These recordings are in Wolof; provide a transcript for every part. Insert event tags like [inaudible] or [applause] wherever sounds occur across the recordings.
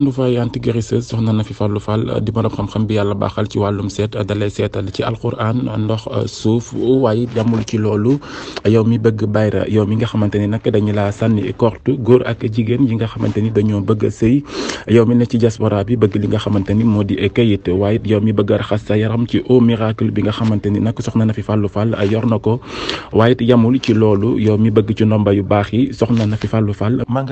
Ndufaay antiguérisseuse soxna na fi fàllu fàll di borom xam-xam bi yàlla baaxal ci wàllum seet dalay seetal ci alxuraan ndox euh, suuf waaye yamul ci loolu yow mi bëgg bayra yow mi nga xamante ni nag dañu laa sànni kortu góor ak jigéen yi nga xamante ni dañoo bëgg sëy yow mi ne ci diaspora bi bëgg li nga xamante ni moo di kayit waaye yow mi bëgg raxas sa yaram ci eau miracle bi nga xamante ni nag soxna na fi fàllu a euh, yor na ko waaye yamul ci loolu yow mi bëgg ci ndomba yu baax yi soxna na fi fàllu fàll maa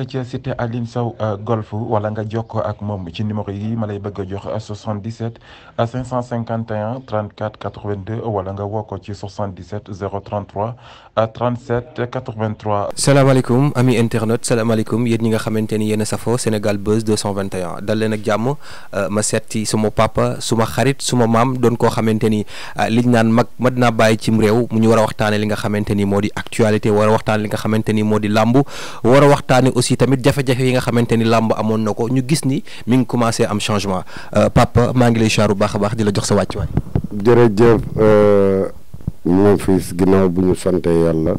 nga ak moom ci numéro yi ma lay bëgg a jox 77 551 34 82 wala nga woo ko ci 77 033 37 83. salaamaaleykum ami internet salaamaaleykum yéen ñi nga xamante ni yéen a safoo Sénégal Buzz 221 dal leen ak jàmm euh, ma seet ci suma papa suma xarit suma maam doon koo xamante ni euh, liñ naan mag mat naa bàyyi cim réew mu ñu war a waxtaanee li nga xamante ni moo di actualité war a li nga xamante ni moo di làmb war a waxtaanee aussi tamit jafe-jafe yi nga xamante ni làmb amoon na ko ñu gis ni mi ngi commencé am changement euh, papa maa ngi lay chaaru baax a baax di la jox sa wàccuwaay. jërëjëf. Memphis ginaaw bu ñu sante yàlla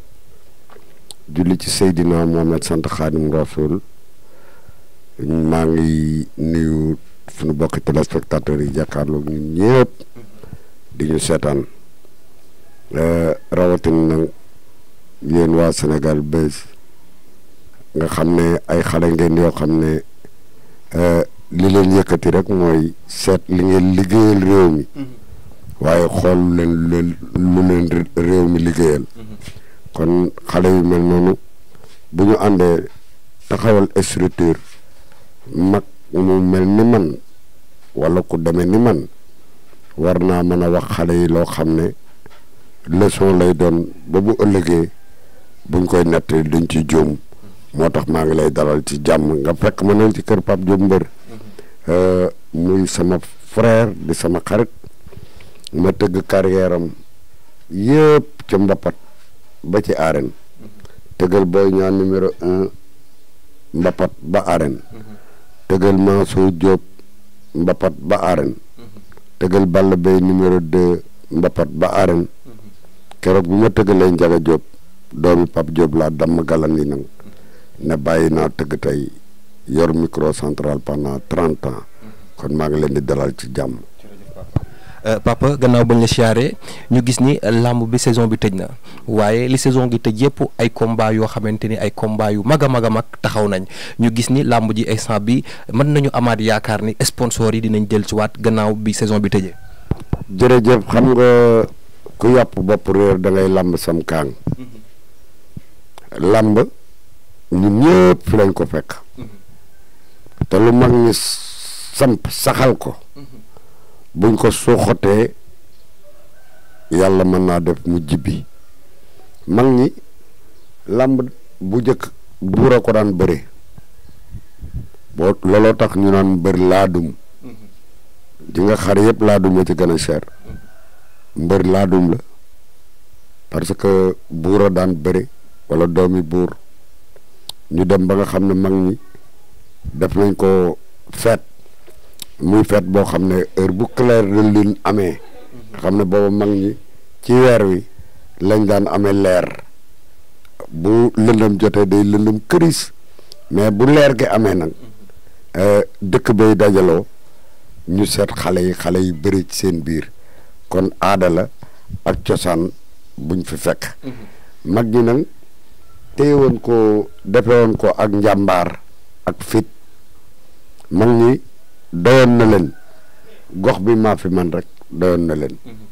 julli ci Seydina Mohamed sant Xaadim Rasul maa ngi nuyu suñu bokki téléspectateurs yi jàkkaarloog ñun ñëpp di ñu seetaan eh, rawatin nag yéen waa Sénégal Buzz nga xam ne ay xale ngeen yoo xam ne eh, li leen yëkkati rek mooy seet li ngeen liggéeyal réew mi mm-hmm. waaye xool leen leen lu leen réew mi liggéeyal mm-hmm. kon xale yu mel noonu bu ñu àndee taxawal structure mag mu mel ni man wala ku demee ni man war naa mën a wax xale yi loo xam ne leson lay doon ba bu ëllëgee buñ koy nettali duñ ci jóom mm-hmm. moo tax maa ngi lay dalal ci jàmm nga fekk ma nañ ci kër Pape Diop Mbër mm-hmm. euh, muy sama frère di sama xarit ma tëgg carrière am yëpp ca ba ci arène tëggal Boy Niang numéro un Mbapat ba arène tëggal Mansour Diop Mbapat ba arène tëggal Balla Bey numéro deux Mbapat ba arène keroog bu ma tëggalee Njaga Diop doomi Pape Diop laa damm galan yi nag ne bàyyi naa tëgg yor micro central pendant trente kon maa ngi leen di dalal ci jàmm. Euh, papa gannaaw bañ la siyaare ñu gis ni làmb bi saison bi tëj na waaye li saison gi tëj yëpp ay combat yoo xamante ni ay combat yu mag a mag a mag taxaw nañ ñu gis ni làmb ji instant bi mën nañu amaat yaakaar ni sponsor yi dinañ jël ci waat gannaaw bi saison bi tëjee jërëjëf xam nga da ngay làmb sam kaang làmb ñun lañ ko fekk mm-hmm. te lu mag ñi samp saxal ko buñ ko suuxatee yàlla mën naa def mu jibbi mag ñi làmb bu njëkk buur a ko daan bëre boo looloo tax ñu naan mbër laadum di nga xar yëpp laadum la ci gën a cher mbër laadum la parce que buur a daan bëre wala doomi buur ñu dem ba nga xam ne mag ñi def nañ ko feet muy fet boo xam ne heure bu clair de lune amee xam ne booba mag ñi ci weer wi lañ daan amee leer bu lëndëm jotee day lëndëm këris mais bu leer gi amee nag euh, dëkk bay dajaloo ñu seet xale yi xale yi bëri ci seen biir kon aadala ak cosaan buñ fi fekk mm-hmm. mag ñi nag téye woon ko defe ko ak njàmbaar ak fit mag doyoon na leen gox bi maa fi man rek doyoon na leen mhm.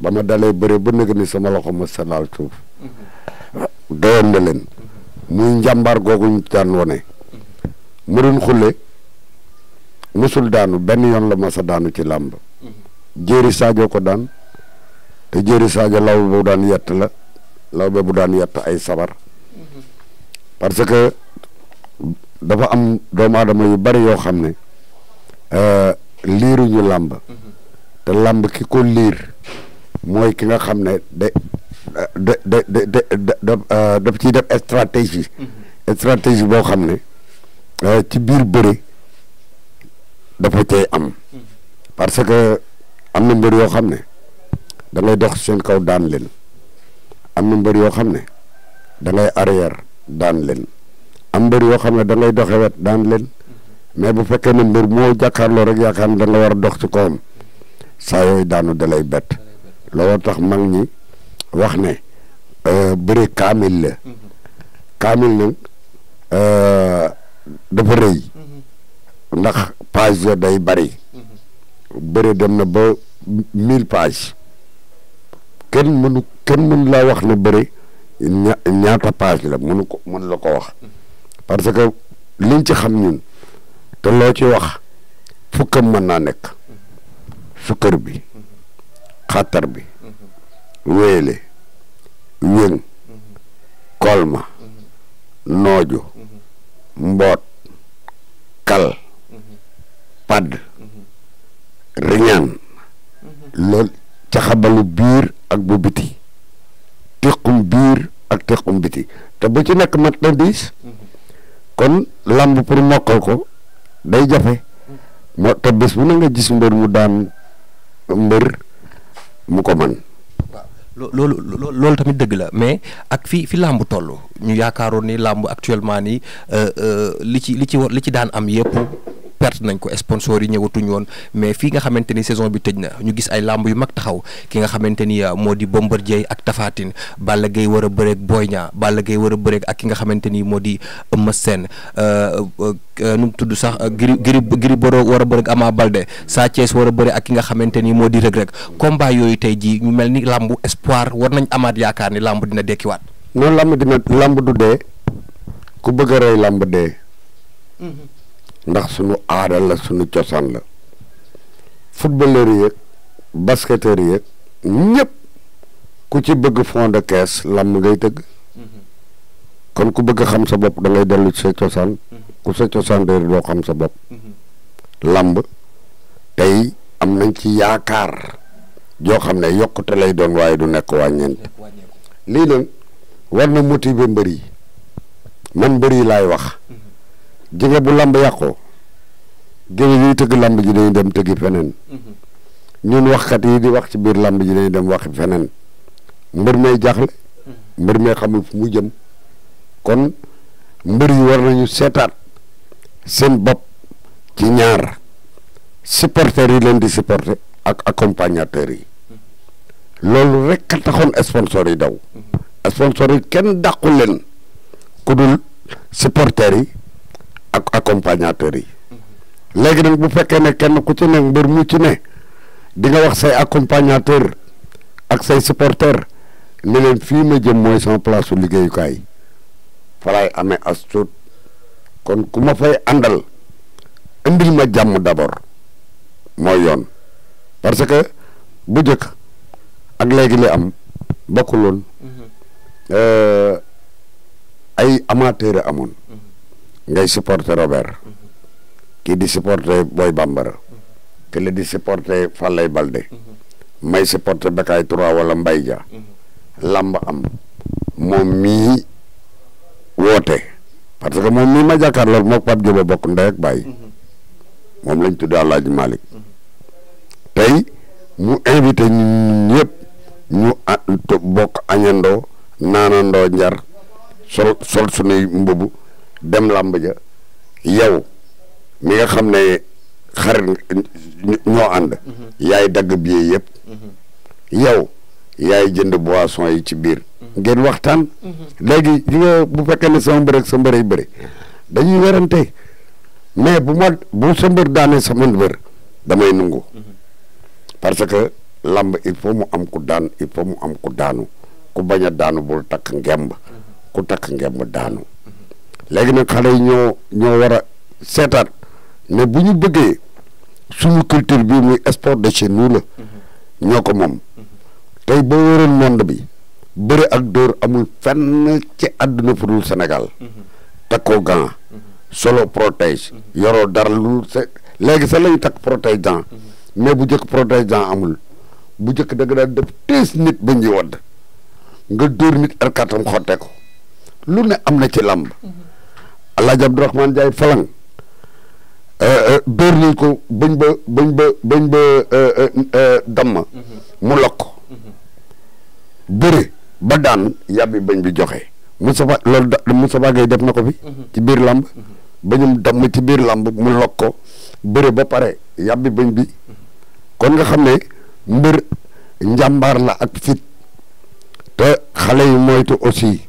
ba ma dalee bëre ba nëg ni sama loxo ma salaal suuf mhm. doyoon na leen mhm. muy njàmbaar googu ñu daan wone mu doon xulle musul daanu benn yoon la masa daanu ci làmb jéeri Sadio ko daan te jéeri Sadio law bu daan yett la law be bu daan yett ay sabar parce que dafa am doomu aadama yu bari yoo xam ne Euh, liiruñu làmb te làmb ki ko liir mooy ki nga xam ne da da da da da daf ciy def stratégie stratégie boo xam ne euh, ci biir bëri dafa cay am parce que am na mbër yoo xam ne da ngay dox seen kaw daan leen am na mbër yoo xam ne dangay ngay arrière daan leen am mbër yoo xam ne dangay ngay doxe wet daan leen mais bu fekkee ne mbir moo jàkkaarloo rek yaakaar ne da nga war a dox ci kawam saa yooyu daanu dalay bett looloo tax mag ñi wax ne euh, bëre kaamil la kaamil nag euh, dafa rëy ndax page ya day bari bëre dem na ba mille page kenn mënu kenn mënu wax ne bëre ña ñaata page la mënu ko mënu la ko wax parce que liñ ci xam ñun te loo ci wax fukkam mën naa nekk sukkër bi xatar bi wéele wéng kolma nooju mboot kal padd riñaan loolu ca xabalu biir ak bu biti tequm biir ak tequm biti te bu ci nekk mat na diis kon lamb pour mokkal ko day jafe moo te bés bu na nga gis mbër mu daan mbër mu ko man loolu loolu tamit dëgg la mais ak fi fi làmb toll ñu yaakaaroon ni làmb actuellement nii euh, euh, li ci li ci li ci daan am yëpp perte nañ ko sponsor yi ñëwatuñ woon mais fii nga xamante ni saison bi tëj na ñu gis ay làmb yu mag taxaw ki nga xamante ni euh, moo di Bombardier ak tafaatin Tine Balla Gaye war a bëreeg Boy Niang Balla Gaye war a bëreeg ak ki nga xamante ni moo di Eumeu Sène euh, euh, nu mu tudd sax Gris Gris Gris Bordeaux war a bëreeg Ama Baldé Sa Thiès war a bëreeg ak ki nga xamante ni moo di Reug Reug combat yooyu tey jii ñu mel ni làmb espoir war nañ amaat yaakaar ni làmb dina dekkiwaat. noonu làmb dina làmb du dee bëgg a rey làmb ndax sunu aada la sunu cosaan la footballeur yeeg basketteur yeeg ñëpp ku ci bëgg fond de caisse làmb ngay tëgg kon ku bëgg xam sa bopp da ngay dellu ci sa cosaan ku sa cosaan réer doo xam sa bopp làmb tey am nañ ci yaakaar joo xam ne yokkute lay doon waaye du nekk wàññeent lii nag war na motiver mbër yi man mbër laay wax jege bu làmb yàqoo géwél yuy tëgg lamb ji dañuy dem tëggi feneen mm-hmm. ñun waxkat yi di wax ci biir lamb ji dañuy dem waxi feneen mbër ma jaaxle mm-hmm. mbër ma xamul fu mu jëm kon mbër yi war nañu seetaat seen bopp ci ñaar supporters yi leen di supporter ak accompagnateurs yi mm-hmm. loolu rek a taxoon sponsors yi daw sponsors yi kenn dàqu leen ku dul yi ak accompagnateur yi léegi nag bu fekkee ne kenn ku ci ne mbër mu ci ne di nga wax say accompagnateur ak say supporter ne leen fii ma jëm mooy sama place su liggéeyukaay falaay ame as tuut kon ku ma fay àndal indil ma jàmm d'abord mooy yoon parce que bu jëkk ak léegi li am bokkuloon mm-hmm. euh, ay amateur amoon ngay supporter Robert kii di supporter Boy Bambara kële di supporter Fallay Balde may supporter Bekaay Trois wala Mbaye Dia lamb am moom mii woote parce que moom mii ma jàkkaarloog moog Pape Diop a bokk ndey ak moom lañ tuddee Alaaji Malick tey mu invité ñun ñëpp ñu bokk añandoo naanandoo njar sol sol sunuy mbubu dem làmb ja yow mi nga xam ne xar ñoo ànd mhm. yaay dagg billet yëpp mhm. yow yaay jënd boisson yi ci biir mhm. ngeen waxtaan léegi li bu fekkee ne sama mbër ak sa mbërey bëri dañuy werante mais bu ma bu sa mbër daanee sama mbër damay nungu parce que lamb il faut mu am ku daan il faut mu am ku daanu ku bañ a daanu bul takk ngemb ku takk ngemb daanu léegi nag xale yi ñoo ñoo war seetaat ne bu ñu bëggee suñu culture bi muy sport de chez nous la mhm. ñoo ko moom mhm. tey boo wëroon monde bi bëre ak dóor amul fenn ci àdduna fu dul Sénégal mhm. takkoo gant solo protège yoroo dara lu sa léegi sax lañu takk protège dent mais bu jëkk protège dent amul bu jëkk da nga daan def nit ba ñuy wadd nga dóor nit arkatam xotte ko lu ne am na ci làmb Alaaji Abdourahmane Ndiaye Falang eh, eh, dóor nañ ko bëñ ba bañ ba bañ ba eh, damm mhm. mu lokk mhm. bëre ba daan yàbbi bañ bi joxe Moustapha loolu da Moustapha Gueye def na ko fi mhm. ci biir làmb bañum damm ci biir làmb mu lokk ko bëre ba pare yàbbi bañ bi kon nga xam ne mbër njàmbaar la ak fit te xale yi moytu aussi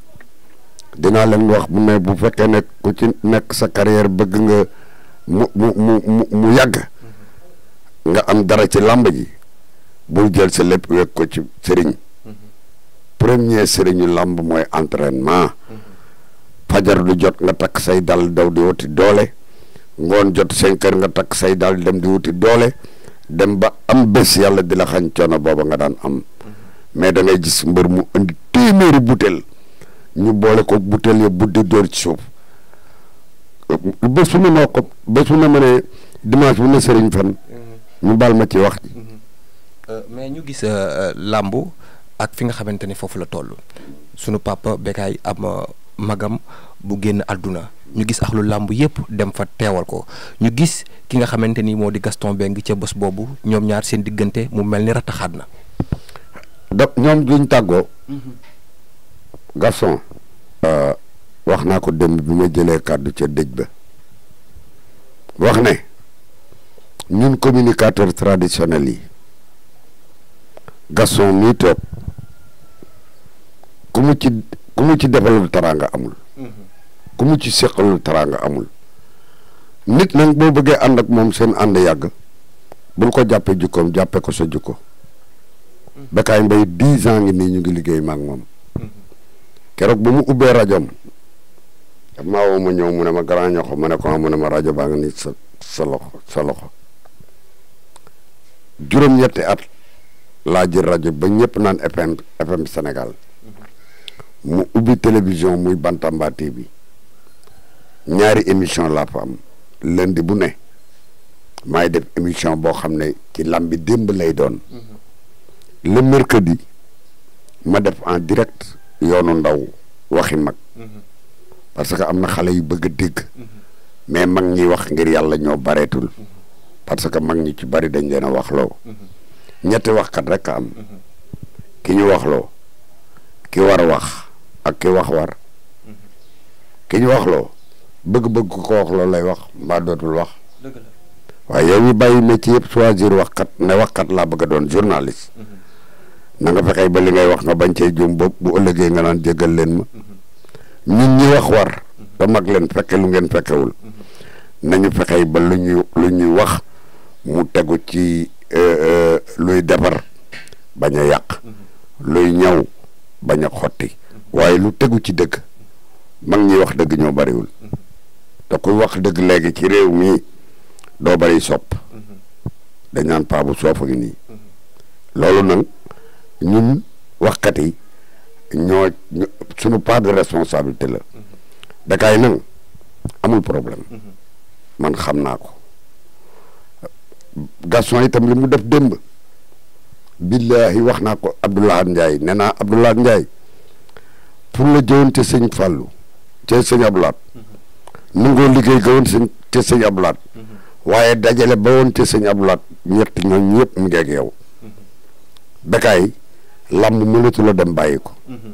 dinaa leen wax ne bu fekkee ne ku ci nekk sa carrière bëgg nga mu mu mu mu yàgg nga am dara ci làmb ji bul jël sa lépp wekk ko ci sëriñ premier sëriñu làmb mooy entraînement fajar du jot nga takk say dal daw di wuti doole ngoon jot cinq heures nga takk say dal dem di wuti doole dem ba am bés yàlla di la xañ coono booba nga daan am mais da ngay gis mbër mu indi téeméeri butéel ñu boole ko butéel ya buddi dóor ci suuf bés bu ne noo ko bés bu ne ma ne dimanche bu ne sëriñ fan mhm. ñu baal ma ci wax mhm. euh, mais ñu gis euh, làmb ak fi nga xamante ni foofu la toll sunu papa Bécaye am euh, magam bu génn àdduna ñu gis axlu làmb yëpp dem fa teewal ko ñu gis ki nga xamante ni moo di Gaston bee ngi ca bës boobu ñoom ñaar seen diggante mu mel ni rataxaat na da ñoom duñ tàggoo mhm. garçon euh, wax naa ko dem bi ma jëlee kàddu ca dëj ba wax ne ñun communicateur traditionnel yi garçon mii toog ku mu ci ku mu ci defalul taraanga amul ku mu ci seqalul taraanga amul nit nag boo bëggee ànd moom seen ànd yàgg bul ko jàppee jukkoom jàppee ko sa jukko Bécaye Mbaye dix ans ngi nii ñu ngi liggéey maak moom keroog ba mu ubbee rajoom daf maa woo ma ñëw mu ne ma grand ñoxo ma ne ko ah mu ma rajo baa ngi nii sa sa loxo sa juróom-ñetti at laa jël rajo ba ñëpp naan FM FM Sénégal mu ubbi télévision muy Bantamba TV ñaari émission laa fa am bu ne maay def émission boo xam ne ci lambi démb lay doon mm-hmm. le mercredi ma def en direct. yoonu ndaw waxi mag mhm. parce que am na xale yu bëgg dégg mhm. mais mag ñi wax ngir yàlla ñoo bareetul mhm. parce que mag ñi ci bari dañ leen a waxloo ñetti waxkat rek am ki ñu waxloo ki war wax ak ki wax war ki ñu waxloo bëgg-bëgg ko waxloo lay wax mbaa dootul wax waaye yow ñu bàyyi métier yëpp choisir waxkat ne waxkat laa bëgg a doon journaliste na nga ba li ngay wax nga bañ cee juum bopp bu ëllëgee nga naan jéggal leen ma ñun ñi wax war te mag leen fekke lu ngeen fekkewul nañu fexee ba lu ñu lu ñuy wax mu tegu ci euh, euh, luy defar bañ a yàq luy ñaw ba a xotti waaye lu tegu ci dëgg mag ñi wax dëgg ñoo bariwul te ko wax dëgg léegi ci réew mi doo bari sopp mm-hmm. dañ naan paa bu nii loolu nag ñun waxkat yi ñoo suñu part de responsabilité la dakaay nang amul problème man xam naa ko Gaston itam li mu def démb billahi wax naa ko Abdoulaye Ndiaye nee naa Abdoulaye Ndiaye pour la jëwoon te sëñ Fàllu te sëñ Abdoulaye liggéey ga waaye dajale ba woon te sëñ Abdoulaye ñett ñoom ñëpp mu ngeeg yow dakaay làmb mënatu la dem bàyyi ko. Mhm.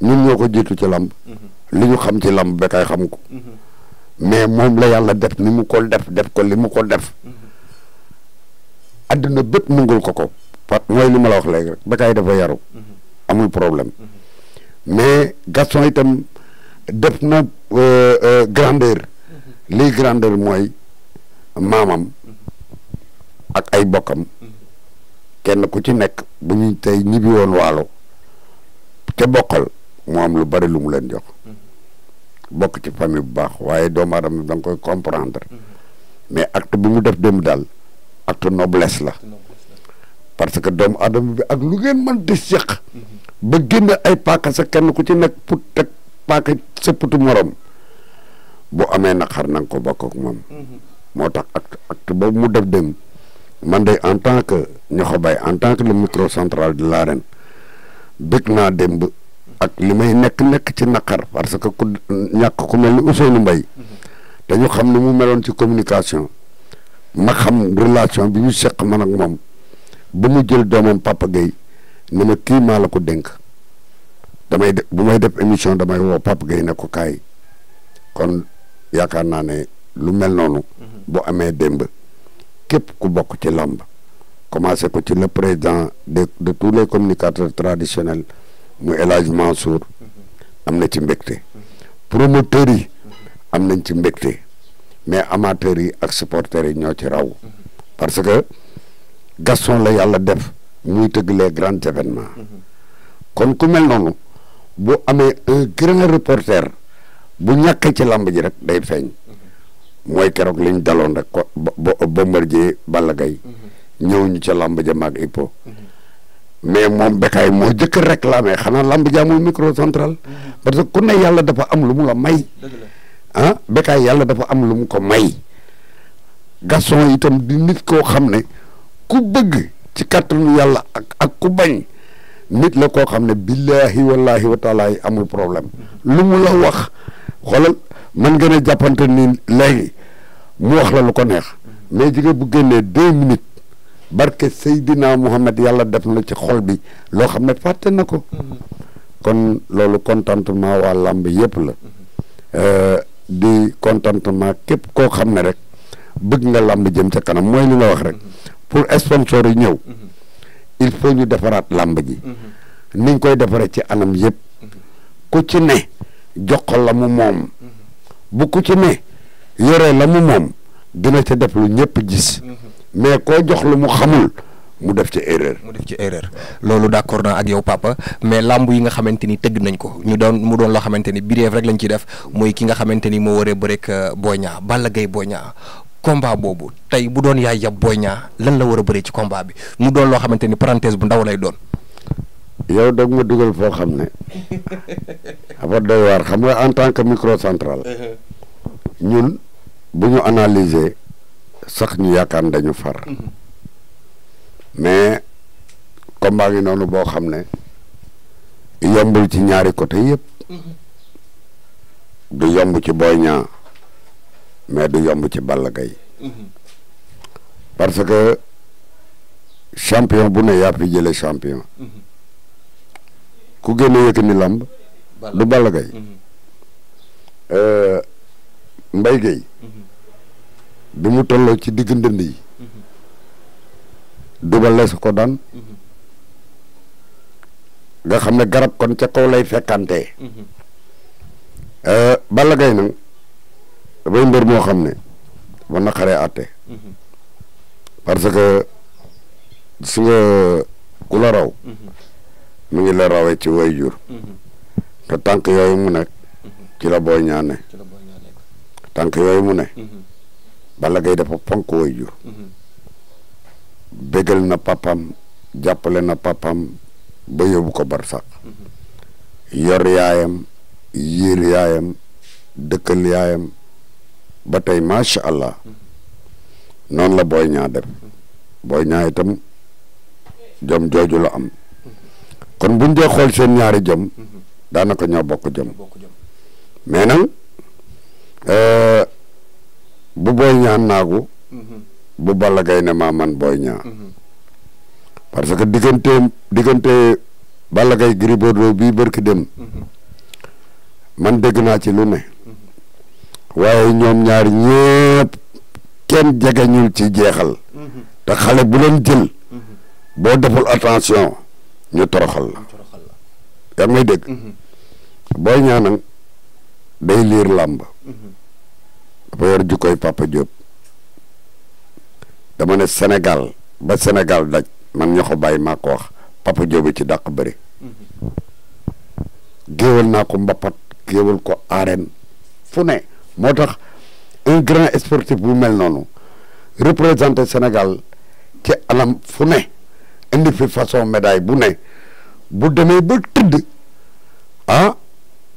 ñun ñoo ko jiitu ci làmb. Mhm. li ñu xam ci làmb ba kay xam ko. Mhm. mais moom la yàlla def ni mu ko def def ko li mu ko def. adduna bépp nungul ko ko. parce que mooy li ma la wax léegi rek ba kay dafa yaru. amul problème. mais Gaston itam def na euh, euh, grandeur. liy grandeur mooy maamam. ak ay bokkam. kenn ku ci nekk bu ñu tey ñibbi woon waalo te bokkal mu am lu bari lu mu leen jox mm-hmm. bokk ci famille bu baax waaye doom aadama da nga koy comprendre mm-hmm. mais acte bu mu def dem daal acte noblesse la parce que doomu aadama bi ak lu ngeen man di seq mm-hmm. ba génn ay paaka sa kenn ku ci nekk pour teg paaka sëppatu morom boo amee naqar na nga ko bokk ak moom moo tax ak acte boobu mu def dem man de en tant que ñoxo bay en tant que micro centrale de l'arène bëgg naa demb ak li may nekk-nekk ci naqar parce que ku ñàkk ku mel ni mbay Mbaye dañu xam ne mu meloon ci communication ma xam relation bi ñu seq man ak moom ba mu jël doomam Papa Gueye ne ma kii maa la ko dénk damay def bu may def émission damay woo Papa Gueye ne ko kaay kon yaakaar naa ne lu mel noonu mm-hmm. bu amee démb képp ku bokk ci làmb commencé ko ci le président de de tous les communicateurs traditionnels mu El Hadj mm-hmm. am na ci mbégte promoteurs yi mm-hmm. am nañ ci mbégte mais amateurs yi ak supporters yi ñoo ci raw mm-hmm. parce que Gaston la yàlla def muy tëgg les grands événements kon ku mel noonu bu amee un grand reporter bu ñàkkee ci lamb ji rek day feeñ mooy keroog lañ daloon rek ko Bombardier Balla mm-hmm. ñëw ñu ca làmb ja maag Ipo mm-hmm. mais moom Bécaye moo jëkk réclamé xanaa làmb ja amul micro central mm-hmm. parce que ku ne yàlla dafa am lu mu la may ah Bécaye yàlla dafa am lu mu ko may Gaston itam di nit koo xam ne ku bëgg ci kàttanu yàlla ak ak ku bañ nit la ko xam ne billahi wallahi wa amul problème lu mu la wax xoolal man gën a jàppante ni léegi mu wax la lu ko neex mais jigéen bu génnee deux minutes barke Seydina Mouhamed yàlla def na ci xol bi loo xam ne fàtte na ko kon loolu contentement waa làmb yëpp la euh, di contentement képp koo xam ne rek bëgg nga làmb jëm ca kanam mooy li la wax rek pour sponsor yi ñëw il faut ñu defaraat làmb ji niñ koy defaree ci anam yëpp ku ci ne jox la mu moom bu ku ci ne yoree la mu moom dina ca def lu ñëpp gis mhm. mais koo jox lu mu xamul mu def ci erreur. def ci erreur loolu d'accord naa ak yow papa mais làmb yi nga xamante ni tëgg nañ ko ñu doon mu doon loo xamante ni bireef rek lañ ciy def mooy ki nga xamante ni moo waree ba rek euh, Boy Niang Balla Gaye Boy Niang boobu tey bu doon yaay yab Boy Niang lan la war a bëree ci combat bi mu doon loo xamante ni parenthèse bu ndaw lay doon. yow dag dugal foo xam ne [laughs] dafa doy waar xam nga en tant que microcentral uh-huh. ñun bu ñu analyser sax ñu yaakaar ne dañu far mm-hmm. mais combat ngi noonu boo xam ne yombul ci ñaari côté yëpp mm-hmm. du yomb ci Boy Niang mais du yomb ci Balla mm-hmm. parce que champion bu ne yaa fi jële ku génne Yékini lamb du Balla Gaye euh, Mbaye Gueye bi mu tolloo ci digg ndënd yi duba ko daan nga xam ne garab kon ca kaw lay fekkantee euh, Balla Gaye nag dafay mbër moo xam ne dafa naqaree àtte parce que su nga ku la raw mu ngi la rawee ci way jur te tànk yooyu mu nekk ci la booy ñaane tànk yooyu mu ne mhm. bala Gaye dafa fonk way mhm. na papam jàppale na papam ba yóbbu ko barsax mhm. yor yaayam yiir yaayam dëkkal yaayam ba tey macha allah mhm. noonu la booy ñaa def booy ñaa itam jom jooju la am kon buñ dee xool seen ñaari jom daanaka ñoo bokk jom mais nag euh, bu booy ñaan naagu mhm. bu Balla gay ne maa man booy ñaa mhm. parce que diggante diggante Balla gay Gris Bordeaux bii bërki dem mhm. man dégg naa ci lu ne waaye ñoom ñaar ñépp kenn jegeñul ci jeexal te xale bu jël boo deful attention ñu toroxal la yaa ngi may dégg booy ñaa nag day liir làmb dafa yor jukkoy Papa Diop dama ne senegal ba senegal daj man ñoo ko bàyyi maa ko wax Papa Diop ci dàq bëri géewal naa ko mbapat géewal ko arène fu ne moo tax un grand sportif bu mel noonu représenté senegal ci alam fu ne indi fi façon médaille bu ne bu demee ba tëdd ah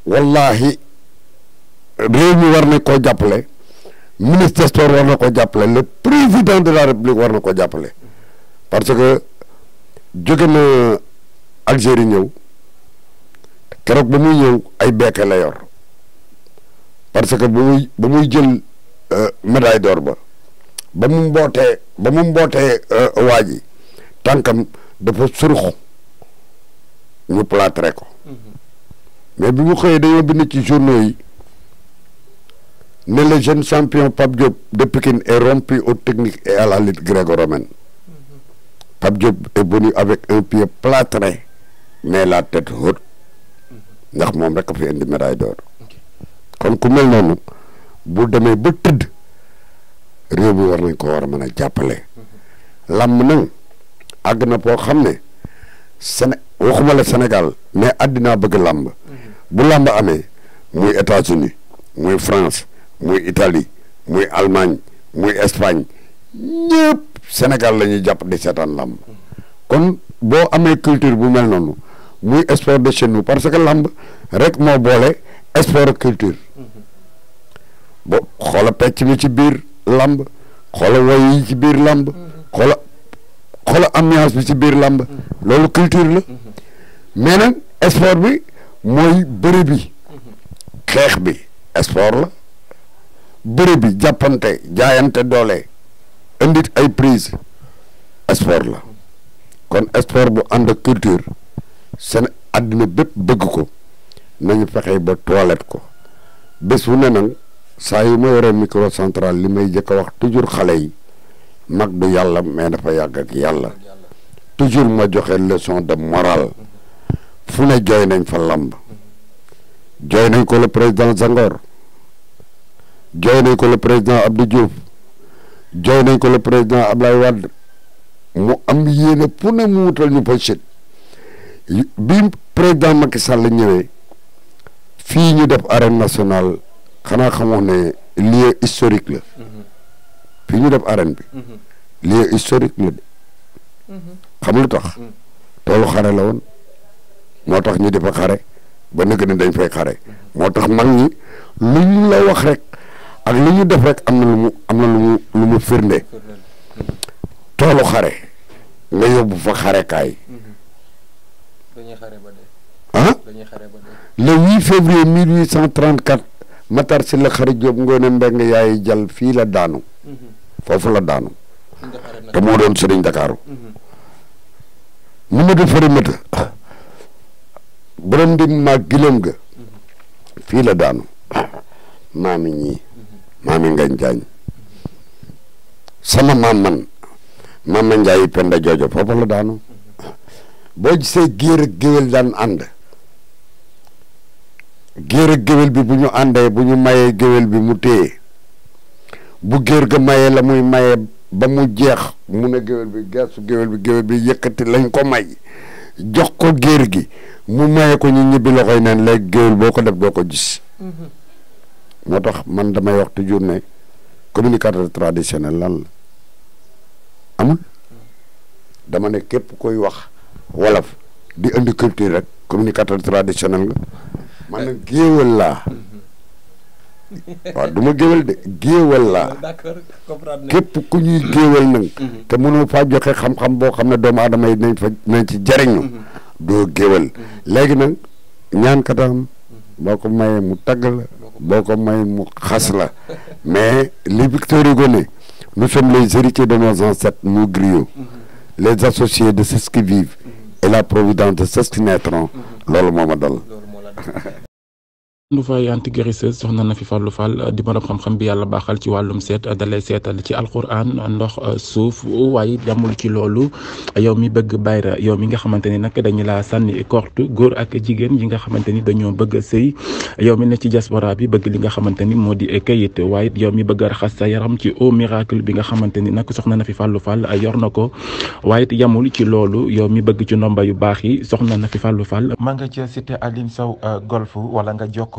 wallahi réew mi war na koo jàppale ministre sport war na ko jàppale le président de la république war na ko jàppale parce que jóge na Algérie ñëw keroog ba muy ñëw ay beeke la yor parce que ba muy ba jël euh, médaille d'or ba ba mu mbootee ba mu mbootee euh, waa ji tànkam dafa surux ñu plâtré ko mm-hmm. mais bi mu xëyee dañoo bind ci journaux mais le jeune champion Pape Diop de Pikine est rompu aux techniques et à la lutte gréco-romaine. Pape Diop est venu avec un pied plâtré mais la tête haute ndax moom rek a indi médaille d'or kon ku mel noonu bu demee ba tëdd réew mi war nañ ko war a mën a jàppale. làmm nag àgg na boo xam ne Séné waxuma Sénégal mais àddinaa bëgg làmb mhm. bu làmb amee muy États-Unis muy France. muy Italie muy Allemagne muy Espagne ñëpp Sénégal la ñuy jàpp di seetaan làmb kon boo amee culture bu mel noonu muy sport de chez nous parce que làmb rek moo boole sport culture bo xoola pecc mi ci biir làmb xoola woy ci biir làmb xoola xoola ambiance bi ci biir làmb loolu culture la mais nag bi mooy bëri bi xeex bi sport la bëre bi jàppante jaayante doole indit ay prise sport la kon sport bu ànd ak culture seen àdduna bépp bëgg ko nañu fexe ba toilette ko bés wu ne nag saa yu ma yoree micro central li may jëkk a wax toujours xale yi mag du yàlla mais dafa yàgg ak yàlla toujours ma joxe leçon de morale fu ne jooy nañ fa lamb jooy nañ ko le président Senghor jooy nañ ko le président Abdou Diouf jooy nañ ko le président Ablaye Wade mu am yéene pour ne mu wutal ñu pochette bi président Macky Sall ñëwee fii ñu def arène nationale xanaa xamoo ne lieu historique la mm-hmm. fii ñu mm-hmm. historique la de mm-hmm. xam lu tax mm. toolu xare la woon moo tax ñu defa xare ba nëkk ne dañ fay xare moo tax mag ñi lu ñu la wax rek ak lu ñu def rek am na lu mu am na lu mu lu mu firnde toolu xare nga yóbbu fa xarekaay ah le 8 février 1834 Matar si la xare Jóob Ngoone Mbeng yaay jal fii la daanu mhm. foofu la daanu te moo doon sëriñ Ndakaaru mhm. mu ma di farimata borom di maag gilam ga mhm. la daanu maami ñii maami nga jaañ sama maam man maam ma njaayi penda joojo foofu la daanu boo gisee géer ak géwél daan ànd géer géwél bi bu ñu àndee bu ñu mayee géwél bi mu téye bu géer ga mayee la muy mayee ba mu jeex mun a géwél bi geesu géwél bi géwél bi yëkkati lañ ko may jox ko géer gi mu maye ko ñu ñibbi loxoy neen léegi géwél boo ko def doo ko gis mhm. moo tax man damay wax toujours ne communicateur traditionnel la amul dama ne képp koy wax wolof di indi culture rek communicateur traditionnel nga man na géewal laa waaw du ma géewal de géewal laa [laughs] képp ku ñuy géewal nag mhm. Mhm. te mënoo faa joxe xam-xam boo xam ne doomu aadama yi nañ fa nañ ci jariñu mhm. doo géewal léegi nag ñaan katam boo ko mayee mu tagg la boo ko may mu xas la mais li Victor Hugo ne nous sommes les héritiers de nos ancêtres nous griots les associés de ceux qui vivent et la providence de ceux qui naîtront loolu moo ma dal Louvaye antigraisseuse soxna na fi fàllu fàll euh, di xam-xam bi yàlla baaxal ci wàllum seet euh, dalay seetal ci alxuraan ndox euh, suuf waaye demul ci loolu yow mi bëgg bayra yow mi nga xamante ni nag dañu laa sànni korte góor ak jigéen yi nga xamante ni dañoo bëgg a sëy yow mi ne ci diaspora bi bëgg li nga xamante ni moo di kayit waaye yow mi bëgg a raxas sa yaram ci eau miracle bi nga xamante ni nag soxna na fi fàllu fàll yor na ko waaye yamul ci loolu yow mi bëgg ci ndomba yu baax yi soxna na fi fàllu fàll. ma nga ca wala nga jokk